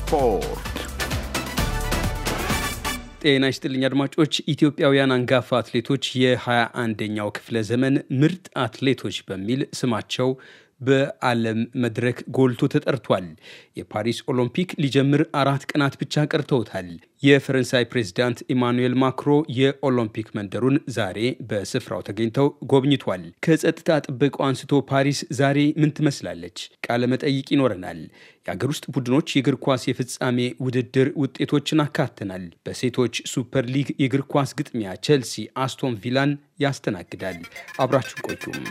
ስፖርት። ጤና ይስጥልኝ አድማጮች። ኢትዮጵያውያን አንጋፋ አትሌቶች የ21ኛው ክፍለ ዘመን ምርጥ አትሌቶች በሚል ስማቸው በዓለም መድረክ ጎልቶ ተጠርቷል። የፓሪስ ኦሎምፒክ ሊጀምር አራት ቀናት ብቻ ቀርተውታል። የፈረንሳይ ፕሬዚዳንት ኢማኑኤል ማክሮ የኦሎምፒክ መንደሩን ዛሬ በስፍራው ተገኝተው ጎብኝቷል። ከጸጥታ ጥበቃው አንስቶ ፓሪስ ዛሬ ምን ትመስላለች? ቃለመጠይቅ ይኖረናል። የአገር ውስጥ ቡድኖች የእግር ኳስ የፍጻሜ ውድድር ውጤቶችን አካተናል። በሴቶች ሱፐር ሊግ የእግር ኳስ ግጥሚያ ቼልሲ አስቶን ቪላን ያስተናግዳል። አብራችሁ ቆዩም።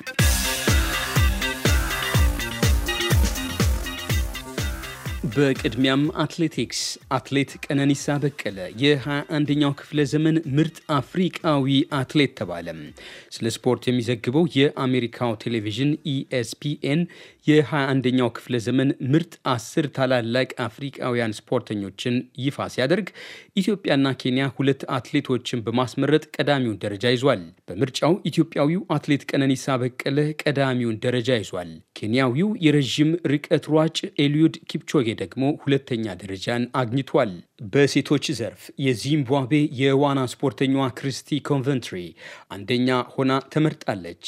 በቅድሚያም አትሌቲክስ። አትሌት ቀነኒሳ በቀለ የ21ኛው ክፍለ ዘመን ምርጥ አፍሪቃዊ አትሌት ተባለ። ስለ ስፖርት የሚዘግበው የአሜሪካው ቴሌቪዥን ኢኤስፒኤን e የ21ኛው ክፍለ ዘመን ምርጥ አስር ታላላቅ አፍሪቃውያን ስፖርተኞችን ይፋ ሲያደርግ ኢትዮጵያና ኬንያ ሁለት አትሌቶችን በማስመረጥ ቀዳሚውን ደረጃ ይዟል። በምርጫው ኢትዮጵያዊው አትሌት ቀነኒሳ በቀለ ቀዳሚውን ደረጃ ይዟል። ኬንያዊው የረዥም ርቀት ሯጭ ኤልዩድ ኪፕቾጌ ዚምባብዌ ደግሞ ሁለተኛ ደረጃን አግኝቷል። በሴቶች ዘርፍ የዚምባብዌ የዋና ስፖርተኛዋ ክሪስቲ ኮንቨንትሪ አንደኛ ሆና ተመርጣለች።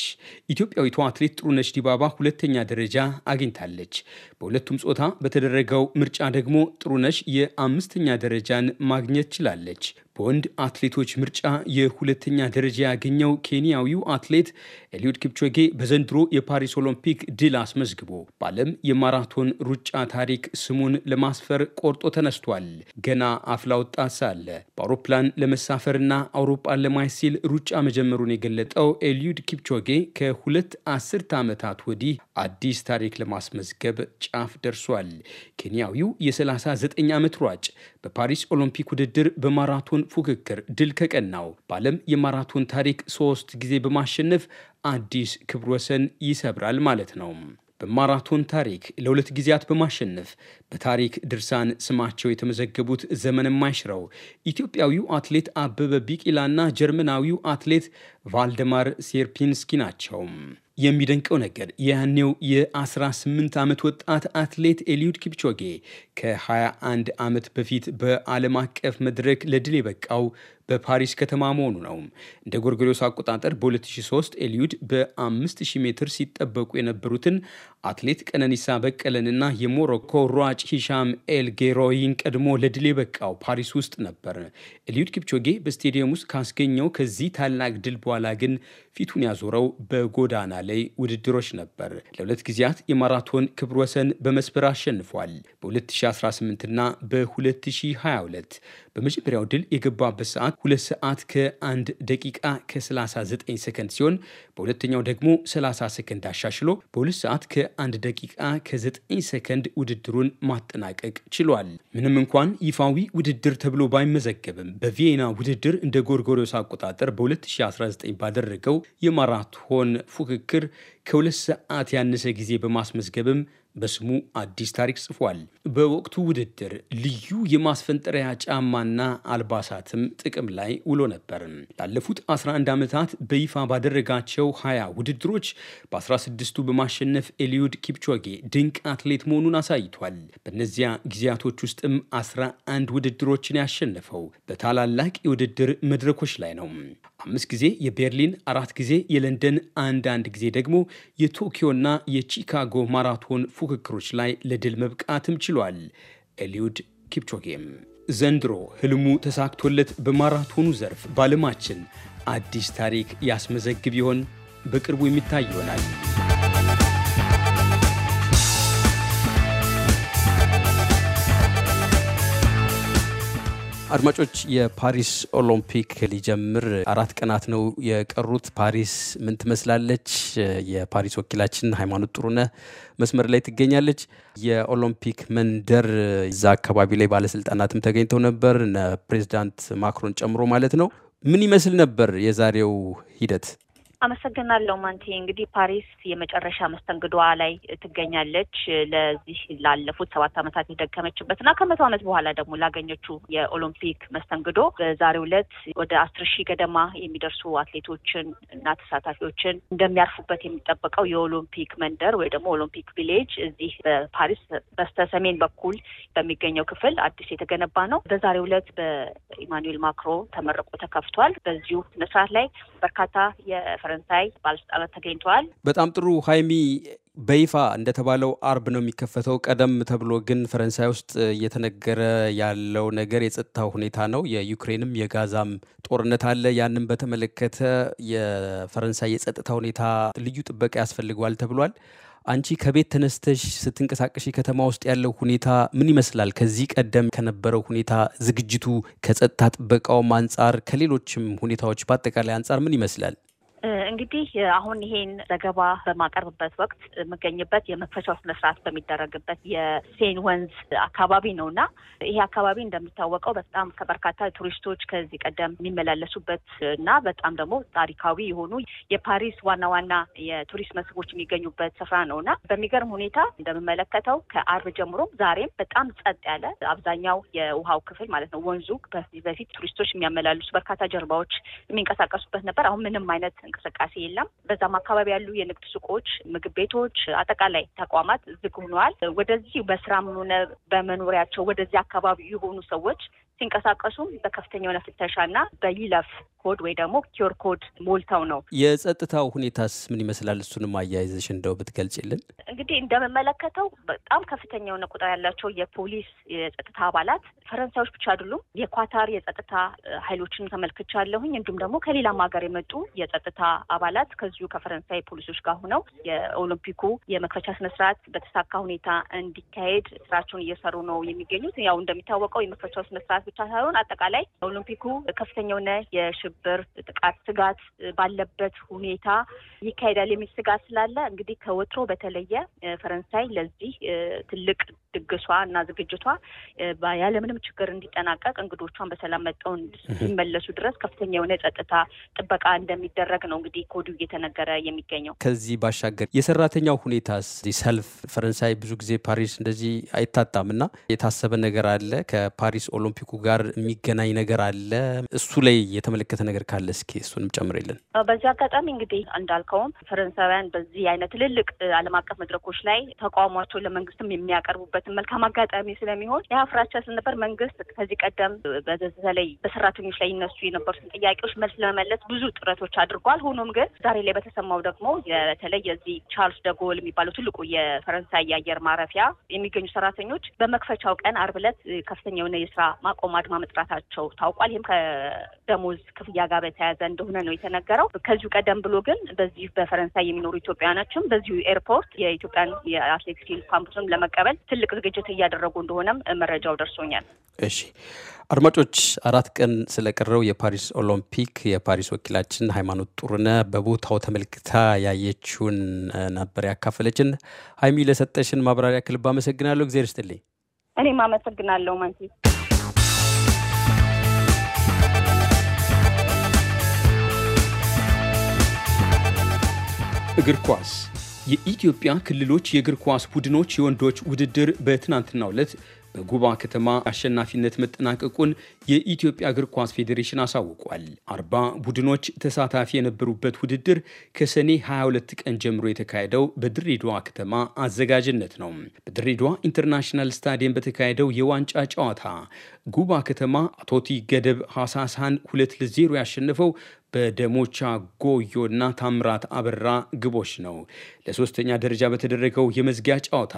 ኢትዮጵያዊቷ አትሌት ጥሩነች ዲባባ ሁለተኛ ደረጃ አግኝታለች። በሁለቱም ጾታ በተደረገው ምርጫ ደግሞ ጥሩነች የአምስተኛ ደረጃን ማግኘት ችላለች። በወንድ አትሌቶች ምርጫ የሁለተኛ ደረጃ ያገኘው ኬንያዊው አትሌት ኤልዩድ ኪፕቾጌ በዘንድሮ የፓሪስ ኦሎምፒክ ድል አስመዝግቦ በዓለም የማራቶን ሩጫ ታሪክ ስሙን ለማስፈር ቆርጦ ተነስቷል። ገና አፍላ ወጣት ሳለ በአውሮፕላን ለመሳፈርና አውሮፓን ለማየት ሲል ሩጫ መጀመሩን የገለጠው ኤልዩድ ኪፕቾጌ ከሁለት አስርተ ዓመታት ወዲህ አዲስ ታሪክ ለማስመዝገብ ጫፍ ደርሷል። ኬንያዊው የ39 ዓመት ሯጭ በፓሪስ ኦሎምፒክ ውድድር በማራቶን ፉክክር ድል ከቀናው በዓለም የማራቶን ታሪክ ሶስት ጊዜ በማሸነፍ አዲስ ክብር ወሰን ይሰብራል ማለት ነው። በማራቶን ታሪክ ለሁለት ጊዜያት በማሸነፍ በታሪክ ድርሳን ስማቸው የተመዘገቡት ዘመን የማይሽረው ኢትዮጵያዊው አትሌት አበበ ቢቂላና ጀርመናዊው አትሌት ቫልደማር ሴርፒንስኪ ናቸው። የሚደንቀው ነገር ያኔው የ18 ዓመት ወጣት አትሌት ኤልዩድ ኪፕቾጌ ከ21 ዓመት በፊት በዓለም አቀፍ መድረክ ለድል የበቃው በፓሪስ ከተማ መሆኑ ነው። እንደ ጎርጎሪዮስ አቆጣጠር በ2003 ኤልዩድ በ5000 ሜትር ሲጠበቁ የነበሩትን አትሌት ቀነኒሳ በቀለንና የሞሮኮ ሯጭ ሂሻም ኤልጌሮይን ቀድሞ ለድል የበቃው ፓሪስ ውስጥ ነበር። ኤልዩድ ኪፕቾጌ በስቴዲየም ውስጥ ካስገኘው ከዚህ ታላቅ ድል በኋላ ግን ፊቱን ያዞረው በጎዳና ላይ ውድድሮች ነበር። ለሁለት ጊዜያት የማራቶን ክብር ወሰን በመስበር አሸንፏል። በ2018ና በ2022 በመጀመሪያው ድል የገባበት ሰዓት 2 ሰዓት ከ1 ደቂቃ ከ39 ሰከንድ ሲሆን በሁለተኛው ደግሞ 30 ሰከንድ አሻሽሎ በ2 ሰዓት ከ1 ደቂቃ ከ9 ሰከንድ ውድድሩን ማጠናቀቅ ችሏል። ምንም እንኳን ይፋዊ ውድድር ተብሎ ባይመዘገብም በቪየና ውድድር እንደ ጎርጎሪዮስ አቆጣጠር በ2019 ባደረገው የማራቶን ፉክክር ከሁለት ሰዓት ያነሰ ጊዜ በማስመዝገብም በስሙ አዲስ ታሪክ ጽፏል። በወቅቱ ውድድር ልዩ የማስፈንጠሪያ ጫማና አልባሳትም ጥቅም ላይ ውሎ ነበር። ላለፉት 11 ዓመታት በይፋ ባደረጋቸው 20 ውድድሮች በ16ቱ በማሸነፍ ኤልዩድ ኪፕቾጌ ድንቅ አትሌት መሆኑን አሳይቷል። በእነዚያ ጊዜያቶች ውስጥም 11 ውድድሮችን ያሸነፈው በታላላቅ የውድድር መድረኮች ላይ ነው። አምስት ጊዜ የቤርሊን፣ አራት ጊዜ የለንደን፣ አንዳንድ ጊዜ ደግሞ የቶኪዮና የቺካጎ ማራቶን ፉክክሮች ላይ ለድል መብቃትም ችሏል። ኤልዩድ ኪፕቾጌም ዘንድሮ ህልሙ ተሳክቶለት በማራቶኑ ዘርፍ በዓለማችን አዲስ ታሪክ ያስመዘግብ ይሆን? በቅርቡ የሚታይ ይሆናል። አድማጮች የፓሪስ ኦሎምፒክ ሊጀምር አራት ቀናት ነው የቀሩት። ፓሪስ ምን ትመስላለች? የፓሪስ ወኪላችን ሃይማኖት ጥሩነ መስመር ላይ ትገኛለች። የኦሎምፒክ መንደር እዛ አካባቢ ላይ ባለስልጣናትም ተገኝተው ነበር፣ ፕሬዚዳንት ማክሮን ጨምሮ ማለት ነው። ምን ይመስል ነበር የዛሬው ሂደት? አመሰግናለሁ ማንቲ። እንግዲህ ፓሪስ የመጨረሻ መስተንግዶዋ ላይ ትገኛለች። ለዚህ ላለፉት ሰባት ዓመታት የደከመችበት እና ከመቶ ዓመት በኋላ ደግሞ ላገኘችው የኦሎምፒክ መስተንግዶ በዛሬው ዕለት ወደ አስር ሺህ ገደማ የሚደርሱ አትሌቶችን እና ተሳታፊዎችን እንደሚያርፉበት የሚጠበቀው የኦሎምፒክ መንደር ወይ ደግሞ ኦሎምፒክ ቪሌጅ እዚህ በፓሪስ በስተ ሰሜን በኩል በሚገኘው ክፍል አዲስ የተገነባ ነው። በዛሬው ዕለት በኢማኑኤል ማክሮ ተመርቆ ተከፍቷል። በዚሁ ስነስርዓት ላይ በርካታ ፈረንሳይ ባለስልጣናት ተገኝተዋል። በጣም ጥሩ ሀይሚ በይፋ እንደተባለው አርብ ነው የሚከፈተው። ቀደም ተብሎ ግን ፈረንሳይ ውስጥ እየተነገረ ያለው ነገር የጸጥታው ሁኔታ ነው። የዩክሬንም የጋዛም ጦርነት አለ። ያንን በተመለከተ የፈረንሳይ የጸጥታ ሁኔታ ልዩ ጥበቃ ያስፈልገዋል ተብሏል። አንቺ ከቤት ተነስተሽ ስትንቀሳቀሽ ከተማ ውስጥ ያለው ሁኔታ ምን ይመስላል? ከዚህ ቀደም ከነበረው ሁኔታ ዝግጅቱ ከጸጥታ ጥበቃውም አንጻር ከሌሎችም ሁኔታዎች በአጠቃላይ አንጻር ምን ይመስላል? እንግዲህ አሁን ይሄን ዘገባ በማቀርብበት ወቅት የምገኝበት የመክፈቻው ስነስርዓት በሚደረግበት የሴን ወንዝ አካባቢ ነው እና ይሄ አካባቢ እንደሚታወቀው በጣም ከበርካታ ቱሪስቶች ከዚህ ቀደም የሚመላለሱበት እና በጣም ደግሞ ታሪካዊ የሆኑ የፓሪስ ዋና ዋና የቱሪስት መስህቦች የሚገኙበት ስፍራ ነው እና በሚገርም ሁኔታ እንደምመለከተው ከአርብ ጀምሮ ዛሬም በጣም ጸጥ ያለ አብዛኛው የውሃው ክፍል ማለት ነው ወንዙ በፊት ቱሪስቶች የሚያመላልሱ በርካታ ጀልባዎች የሚንቀሳቀሱበት ነበር። አሁን ምንም አይነት እንቅስቃሴ የለም። በዛም አካባቢ ያሉ የንግድ ሱቆች፣ ምግብ ቤቶች፣ አጠቃላይ ተቋማት ዝግ ሆነዋል። ወደዚህ በስራም ሆነ በመኖሪያቸው ወደዚህ አካባቢ የሆኑ ሰዎች ሲንቀሳቀሱም በከፍተኛ የሆነ ፍተሻና በይለፍ ኮድ ወይ ደግሞ ኪዮር ኮድ ሞልተው ነው። የጸጥታው ሁኔታስ ምን ይመስላል? እሱንም አያይዘሽ እንደው ብትገልጭልን። እንግዲህ እንደምመለከተው በጣም ከፍተኛ የሆነ ቁጥር ያላቸው የፖሊስ የጸጥታ አባላት ፈረንሳዮች ብቻ አይደሉም። የኳታር የጸጥታ ኃይሎችን ተመልክቻለሁኝ። እንዲሁም ደግሞ ከሌላም ሀገር የመጡ የጸጥታ አባላት ከዚሁ ከፈረንሳይ ፖሊሶች ጋር ሆነው የኦሎምፒኩ የመክፈቻ ስነስርዓት በተሳካ ሁኔታ እንዲካሄድ ስራቸውን እየሰሩ ነው የሚገኙት። ያው እንደሚታወቀው የመክፈቻው ስነስርዓት ብቻ ሳይሆን አጠቃላይ ኦሎምፒኩ ከፍተኛ የሆነ ሽብር፣ ጥቃት ስጋት ባለበት ሁኔታ ይካሄዳል የሚል ስጋት ስላለ እንግዲህ ከወትሮ በተለየ ፈረንሳይ ለዚህ ትልቅ ድግሷ እና ዝግጅቷ ያለምንም ችግር እንዲጠናቀቅ እንግዶቿን በሰላም መጠው እንዲመለሱ ድረስ ከፍተኛ የሆነ ጸጥታ ጥበቃ እንደሚደረግ ነው እንግዲህ ኮዲው እየተነገረ የሚገኘው። ከዚህ ባሻገር የሰራተኛው ሁኔታ ሰልፍ ፈረንሳይ ብዙ ጊዜ ፓሪስ እንደዚህ አይታጣም እና የታሰበ ነገር አለ ከፓሪስ ኦሎምፒኩ ጋር የሚገናኝ ነገር አለ እሱ ላይ የተመለከተ ያነሳት ነገር ካለ እስኪ እሱንም ጨምርልን። በዚህ አጋጣሚ እንግዲህ እንዳልከውም ፈረንሳውያን በዚህ አይነት ትልልቅ ዓለም አቀፍ መድረኮች ላይ ተቃውሟቸውን ለመንግስትም የሚያቀርቡበትን መልካም አጋጣሚ ስለሚሆን ያ ፍራቻ ስለነበር መንግስት ከዚህ ቀደም በተለይ በሰራተኞች ላይ ይነሱ የነበሩትን ጥያቄዎች መልስ ለመመለስ ብዙ ጥረቶች አድርጓል። ሆኖም ግን ዛሬ ላይ በተሰማው ደግሞ በተለይ የዚህ ቻርልስ ደጎል የሚባለው ትልቁ የፈረንሳይ የአየር ማረፊያ የሚገኙ ሰራተኞች በመክፈቻው ቀን አርብ ዕለት ከፍተኛ የሆነ የስራ ማቆም አድማ መጥራታቸው ታውቋል። ይህም ከደሞዝ ክፍ ክፍያ ጋር በተያያዘ እንደሆነ ነው የተነገረው። ከዚሁ ቀደም ብሎ ግን በዚሁ በፈረንሳይ የሚኖሩ ኢትዮጵያውያኖችም በዚሁ ኤርፖርት የኢትዮጵያን የአትሌቲክስ ካምፕሱን ለመቀበል ትልቅ ዝግጅት እያደረጉ እንደሆነም መረጃው ደርሶኛል። እሺ አድማጮች፣ አራት ቀን ስለቀረው የፓሪስ ኦሎምፒክ የፓሪስ ወኪላችን ሃይማኖት ጡርነ በቦታው ተመልክታ ያየችውን ነበር ያካፈለችን። ሀይሚ፣ ለሰጠሽን ማብራሪያ ክልብ አመሰግናለሁ። እግዜር ይስጥልኝ። እኔም አመሰግናለሁ ማንቲ። እግር ኳስ የኢትዮጵያ ክልሎች የእግር ኳስ ቡድኖች የወንዶች ውድድር በትናንትናው ዕለት በጉባ ከተማ አሸናፊነት መጠናቀቁን የኢትዮጵያ እግር ኳስ ፌዴሬሽን አሳውቋል። አርባ ቡድኖች ተሳታፊ የነበሩበት ውድድር ከሰኔ 22 ቀን ጀምሮ የተካሄደው በድሬዳዋ ከተማ አዘጋጅነት ነው። በድሬዳዋ ኢንተርናሽናል ስታዲየም በተካሄደው የዋንጫ ጨዋታ ጉባ ከተማ አቶቲ ገደብ ሐሳሳን ሁለት ለዜሮ ያሸነፈው በደሞቻ ጎዮና ታምራት አበራ ግቦች ነው። ለሶስተኛ ደረጃ በተደረገው የመዝጊያ ጨዋታ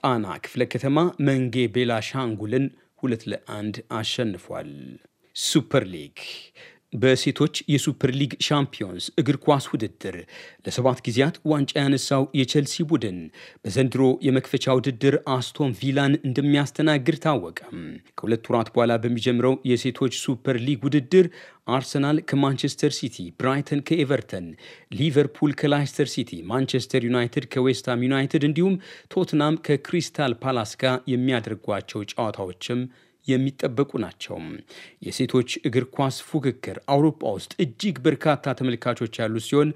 ጣና ክፍለ ከተማ መንጌ ቤላ ሻንጉልን ሁለት ለአንድ አሸንፏል። ሱፐር ሊግ በሴቶች የሱፐር ሊግ ሻምፒዮንስ እግር ኳስ ውድድር ለሰባት ጊዜያት ዋንጫ ያነሳው የቸልሲ ቡድን በዘንድሮ የመክፈቻ ውድድር አስቶን ቪላን እንደሚያስተናግድ ታወቀ። ከሁለት ወራት በኋላ በሚጀምረው የሴቶች ሱፐር ሊግ ውድድር አርሰናል ከማንቸስተር ሲቲ፣ ብራይተን ከኤቨርተን፣ ሊቨርፑል ከላይስተር ሲቲ፣ ማንቸስተር ዩናይትድ ከዌስትሃም ዩናይትድ እንዲሁም ቶትናም ከክሪስታል ፓላስ ጋር የሚያደርጓቸው ጨዋታዎችም የሚጠበቁ ናቸው። የሴቶች እግር ኳስ ፉክክር አውሮፓ ውስጥ እጅግ በርካታ ተመልካቾች ያሉት ሲሆን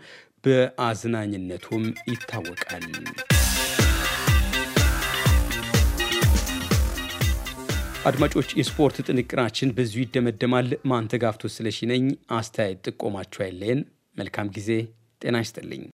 በአዝናኝነቱም ይታወቃል። አድማጮች፣ የስፖርት ጥንቅራችን በዚሁ ይደመደማል። ማንተጋፍቶ ስለሺ ነኝ። አስተያየት ጥቆማቸው አይለየን። መልካም ጊዜ። ጤና ይስጥልኝ።